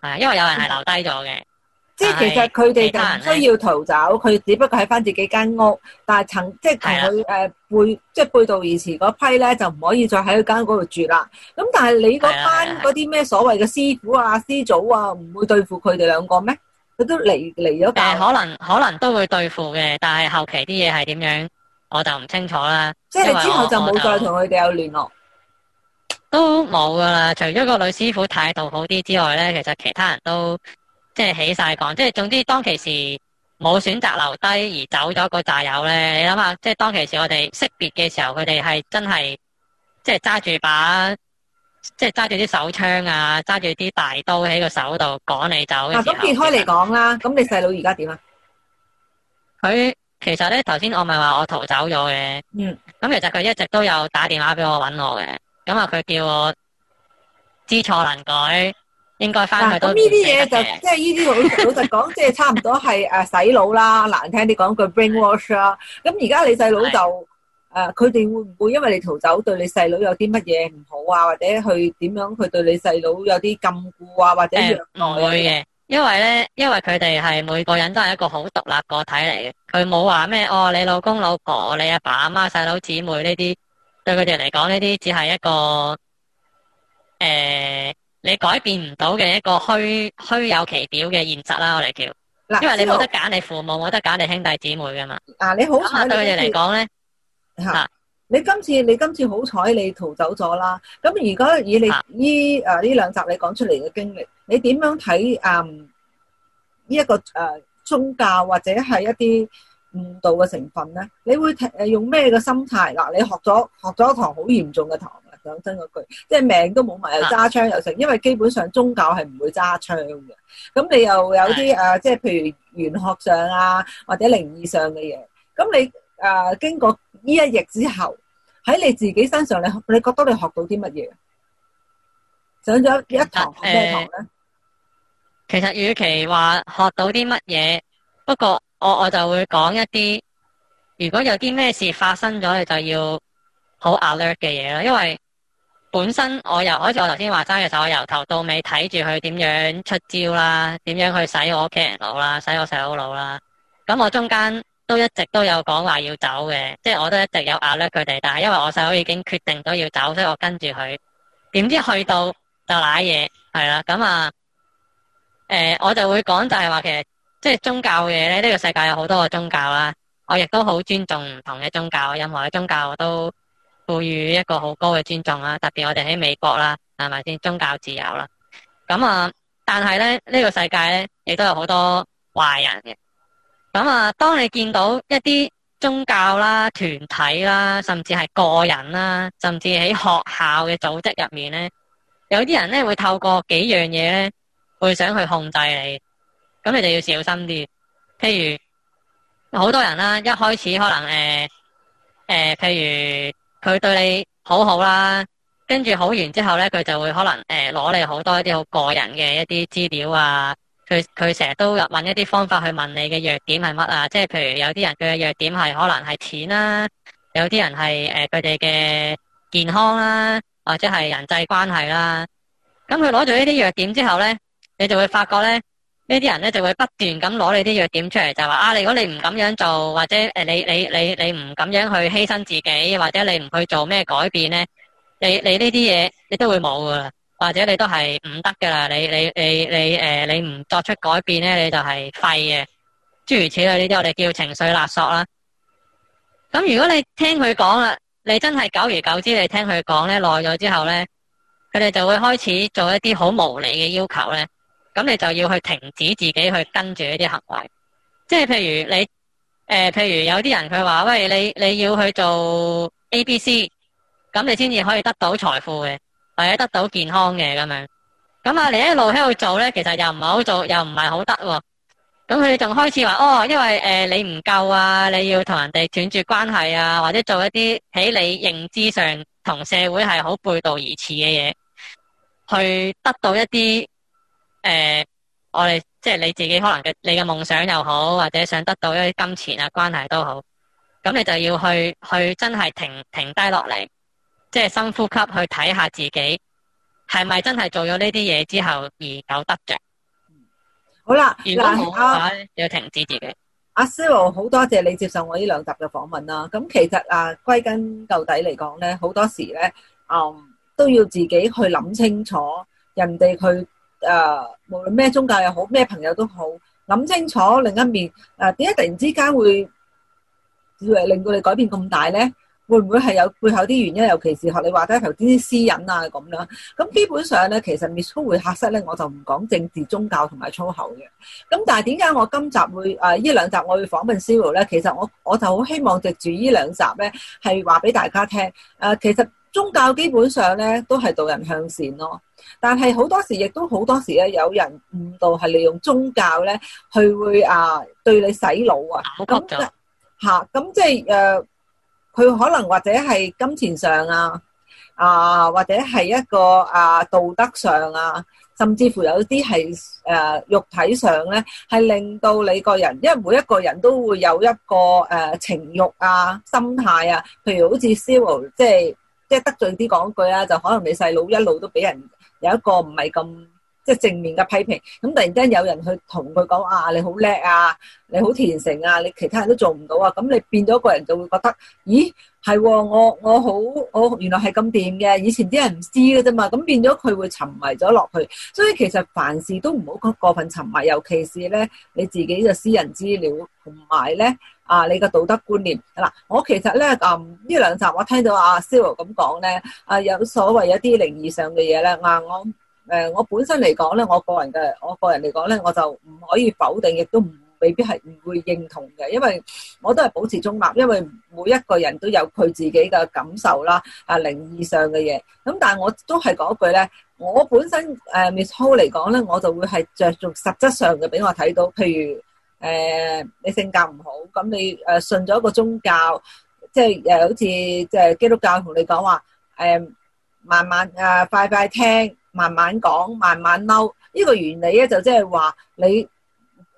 係啊，因為有人係留低咗嘅，即係、嗯就是、其實佢哋就唔需要逃走，佢只不過喺返自己間屋，但係曾即係同佢誒背即係、就是、背道而馳嗰批咧，就唔可以再喺佢間度住啦。咁但係你嗰班嗰啲咩所謂嘅師傅啊、師祖啊，唔會對付佢哋兩個咩？佢都離離咗。誒，可能可能都會對付嘅，但係後期啲嘢係點樣，我就唔清楚啦。即係你之後就冇再同佢哋有聯絡。都冇噶啦，除咗個女師傅態度好啲之外咧，其實其他人都即係起晒講，即係總之當其時冇選擇留低而走咗個摯友咧。你諗下，即係當其時我哋識別嘅時候，佢哋係真係即係揸住把，即係揸住啲手槍啊，揸住啲大刀喺個手度趕你走。咁撇開嚟講啦，咁你細佬而家點啊？佢其實咧，頭先我咪話我逃走咗嘅。嗯。咁其實佢一直都有打電話俾我搵我嘅。咁啊！佢叫我知錯能改，應該翻去都。咁呢啲嘢就即係呢啲老老實講，即係差唔多係誒洗腦啦， 難聽啲講句 brainwash 啦。咁而家你細佬就誒，佢哋會唔會因為你逃走，對你細佬有啲乜嘢唔好啊？或者去點樣佢對你細佬有啲禁錮啊？或者虐待嘅？因為咧，因為佢哋係每個人都係一個好獨立個體嚟嘅。佢冇話咩哦，你老公老婆、你阿爸阿媽、細佬姊妹呢啲。對佢哋嚟講，呢啲只係一個誒，你改變唔到嘅一個虛虛有其表嘅現實啦。我哋叫，嗱，因為你冇得揀，你父母冇得揀，你兄弟姊妹噶嘛。嗱，你好彩對佢哋嚟講咧，吓，你今次你今次好彩你逃走咗啦。咁如果以你呢誒呢兩集你講出嚟嘅經歷，你點樣睇？嗯，呢一個誒宗教或者係一啲。誤導嘅成分咧，你會誒用咩嘅心態？嗱，你學咗學咗一堂好嚴重嘅堂啊！講真嗰句，即係命都冇埋又揸槍又成，因為基本上宗教係唔會揸槍嘅。咁你又有啲誒，即係的、啊、譬如玄學上啊，或者靈異上嘅嘢。咁你誒、啊、經過呢一役之後，喺你自己身上你，你你覺得你學到啲乜嘢？上咗一堂咩堂咧、呃？其實，與其話學到啲乜嘢，不過。我我就會講一啲，如果有啲咩事發生咗，佢就要好 alert 嘅嘢啦。因為本身我由好似我頭先話齋，嘅時候，我由頭到尾睇住佢點樣出招啦，點樣去洗我屋企人腦啦，洗我細佬腦啦。咁我中間都一直都有講話要走嘅，即係我都一直有 alert 佢哋。但係因為我細佬已經決定咗要走，所以我跟住佢。點知去到就賴嘢，係啦。咁啊、呃，我就會講就係話其實。即係宗教嘅嘢咧，呢個世界有好多個宗教啦，我亦都好尊重唔同嘅宗教，任何嘅宗教我都賦予一個好高嘅尊重啦。特別我哋喺美國啦，係咪先？宗教自由啦。咁啊，但係咧呢個世界咧，亦都有好多壞人嘅。咁啊，當你見到一啲宗教啦、團體啦，甚至係個人啦，甚至喺學校嘅組織入面咧，有啲人咧會透過幾樣嘢咧，會想去控制你。咁你就要小心啲，譬如好多人啦，一開始可能誒誒、呃呃，譬如佢對你好好啦，跟住好完之後咧，佢就會可能誒攞、呃、你好多一啲好個人嘅一啲資料啊，佢佢成日都搵一啲方法去問你嘅弱點係乜啊？即係譬如有啲人佢嘅弱點係可能係錢啦、啊，有啲人係誒佢哋嘅健康啦、啊，或者係人際關係啦、啊。咁佢攞咗呢啲弱點之後咧，你就會發覺咧。呢啲人咧就會不斷咁攞你啲弱點出嚟，就話啊，如果你唔咁樣做，或者誒你你你你唔咁樣去犧牲自己，或者你唔去做咩改變咧，你你呢啲嘢你都會冇噶啦，或者你都係唔得噶啦。你你你你誒、呃、你唔作出改變咧，你就係廢嘅。諸如此類呢啲，我哋叫情緒勒索啦。咁如果你聽佢講啦，你真係久而久之，你聽佢講咧耐咗之後咧，佢哋就會開始做一啲好無理嘅要求咧。咁你就要去停止自己去跟住呢啲行為，即係譬如你誒、呃，譬如有啲人佢話喂，你你要去做 A、B、C，咁你先至可以得到財富嘅，或者得到健康嘅咁樣。咁啊，你一路喺度做呢，其實又唔係好做，又唔係好得。咁佢仲開始話哦，因為誒、呃、你唔夠啊，你要同人哋斷絕關係啊，或者做一啲喺你認知上同社會係好背道而馳嘅嘢，去得到一啲。誒、呃，我哋即係你自己，可能嘅你嘅夢想又好，或者想得到一啲金錢啊、關係都好，咁你就要去去真係停停低落嚟，即係深呼吸去睇下自己係咪真係做咗呢啲嘢之後而有得着。好啦了，而家、啊、要停止自己。阿 Sir，好多謝你接受我呢兩集嘅訪問啦。咁其實啊，歸根究底嚟講咧，好多時咧，嗯，都要自己去諗清楚，人哋去。誒、呃，無論咩宗教又好，咩朋友都好，諗清楚另一面誒，點、呃、解突然之間會令到你改變咁大咧？會唔會係有背後啲原因？尤其是學你話齋頭啲啲私隱啊咁樣。咁基本上咧，其實 s 書會客室咧，我就唔講政治、宗教同埋粗口嘅。咁但係點解我今集會誒呢兩集我會訪問 Siro 咧？其實我我就好希望藉住呢兩集咧，係話俾大家聽誒、呃，其實。宗教基本上咧都係導人向善咯，但係好多時亦都好多時咧，有人誤導係利用宗教咧，去會啊對你洗腦啊，嚇咁即係誒，佢可能或者係金錢上啊啊，或者係一個啊道德上啊，甚至乎有啲係誒肉體上咧，係令到你個人，因為每一個人都會有一個誒情慾啊心態啊，譬如好似 Zero 即係。即係得罪啲講句啊，就可能你細佬一路都俾人有一個唔係咁即係正面嘅批評，咁突然間有人去同佢講啊，你好叻啊，你好虔誠啊，你其他人都做唔到啊，噉你變咗個人就會覺得，咦？係喎，我我好我原來係咁掂嘅，以前啲人唔知嘅啫嘛，咁變咗佢會沉迷咗落去，所以其實凡事都唔好過分沉迷，尤其是咧你自己嘅私人資料同埋咧啊你嘅道德觀念嗱，我其實咧啊呢兩集我聽到阿 Zero 咁講咧啊有所謂一啲靈異上嘅嘢咧，嗱我誒我本身嚟講咧，我個人嘅我個人嚟講咧，我就唔可以否定亦都唔。未必係唔會認同嘅，因為我都係保持中立，因為每一個人都有佢自己嘅感受啦，啊靈異上嘅嘢。咁但係我都係講一句咧，我本身誒 Miss Ho 嚟講咧，我就會係着重實質上嘅俾我睇到，譬如誒你性格唔好，咁你誒信咗一個宗教，即係誒好似即係基督教同你講話誒，慢慢啊快快聽，慢慢講，慢慢嬲，呢個原理咧就即係話你。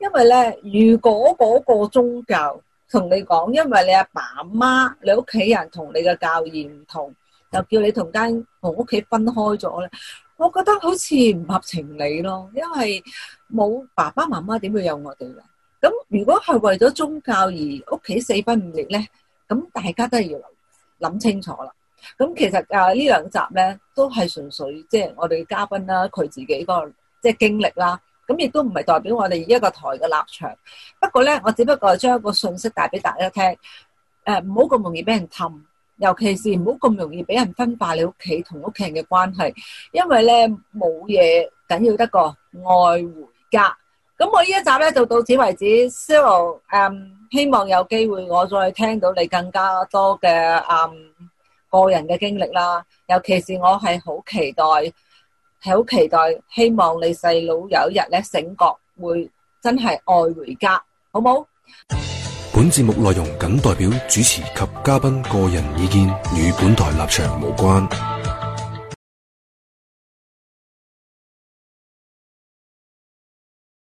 因為咧，如果嗰個宗教同你講，因為你阿爸阿媽、你屋企人同你嘅教義唔同，又叫你同間同屋企分開咗咧，我覺得好似唔合情理咯。因為冇爸爸媽媽，點會有我哋咧？咁如果係為咗宗教而屋企四分五裂咧，咁大家都係要諗清楚啦。咁其實誒呢兩集咧，都係純粹即係我哋嘉賓啦，佢自己個即係經歷啦。咁亦都唔係代表我哋一個台嘅立場，不過咧，我只不過將一個信息帶俾大家聽，誒唔好咁容易俾人氹，尤其是唔好咁容易俾人分化你屋企同屋企人嘅關係，因為咧冇嘢緊要得過愛回家。咁我呢一集咧就到此為止，Zero，誒希望有機會我再聽到你更加多嘅誒個人嘅經歷啦，尤其是我係好期待。係好期待，希望你細佬有一日咧醒覺會真係愛回家，好冇？本節目內容僅代表主持及嘉賓個人意見，與本台立場無關。